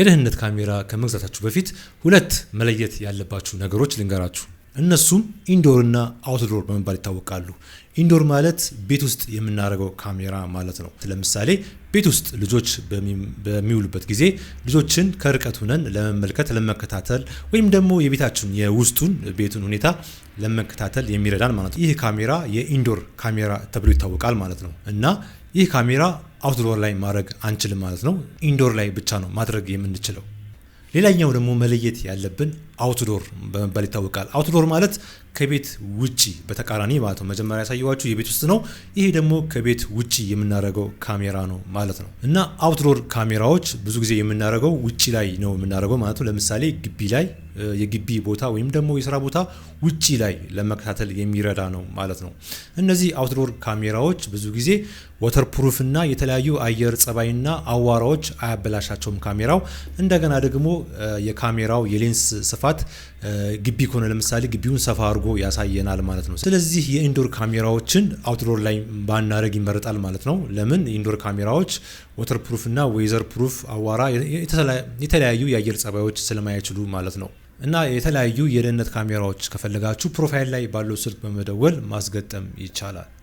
የደህንነት ካሜራ ከመግዛታችሁ በፊት ሁለት መለየት ያለባችሁ ነገሮች ልንገራችሁ። እነሱም ኢንዶር እና አውትዶር በመባል ይታወቃሉ። ኢንዶር ማለት ቤት ውስጥ የምናደርገው ካሜራ ማለት ነው። ለምሳሌ ቤት ውስጥ ልጆች በሚውሉበት ጊዜ ልጆችን ከርቀት ሁነን ለመመልከት፣ ለመከታተል ወይም ደግሞ የቤታችን የውስጡን ቤቱን ሁኔታ ለመከታተል የሚረዳን ማለት ነው። ይህ ካሜራ የኢንዶር ካሜራ ተብሎ ይታወቃል ማለት ነው እና ይህ ካሜራ አውትዶር ላይ ማድረግ አንችልም ማለት ነው። ኢንዶር ላይ ብቻ ነው ማድረግ የምንችለው። ሌላኛው ደግሞ መለየት ያለብን አውትዶር በመባል ይታወቃል። አውትዶር ማለት ከቤት ውጪ በተቃራኒ ማለት ነው። መጀመሪያ ያሳየዋችሁ የቤት ውስጥ ነው። ይሄ ደግሞ ከቤት ውጪ የምናደርገው ካሜራ ነው ማለት ነው። እና አውትዶር ካሜራዎች ብዙ ጊዜ የምናደርገው ውጪ ላይ ነው የምናደርገው ማለት ነው። ለምሳሌ ግቢ ላይ የግቢ ቦታ ወይም ደግሞ የስራ ቦታ ውጪ ላይ ለመከታተል የሚረዳ ነው ማለት ነው። እነዚህ አውትዶር ካሜራዎች ብዙ ጊዜ ወተርፕሩፍና የተለያዩ አየር ጸባይና አዋራዎች አያበላሻቸውም ካሜራው። እንደገና ደግሞ የካሜራው የሌንስ ስፋት በማስፋት ግቢ ከሆነ ለምሳሌ ግቢውን ሰፋ አድርጎ ያሳየናል ማለት ነው። ስለዚህ የኢንዶር ካሜራዎችን አውትዶር ላይ ባናረግ ይመረጣል ማለት ነው። ለምን የኢንዶር ካሜራዎች ወተር ፕሩፍ እና ዌዘር ፕሩፍ አዋራ፣ የተለያዩ የአየር ጸባዮች ስለማይችሉ ማለት ነው። እና የተለያዩ የደህንነት ካሜራዎች ከፈለጋችሁ ፕሮፋይል ላይ ባለው ስልክ በመደወል ማስገጠም ይቻላል።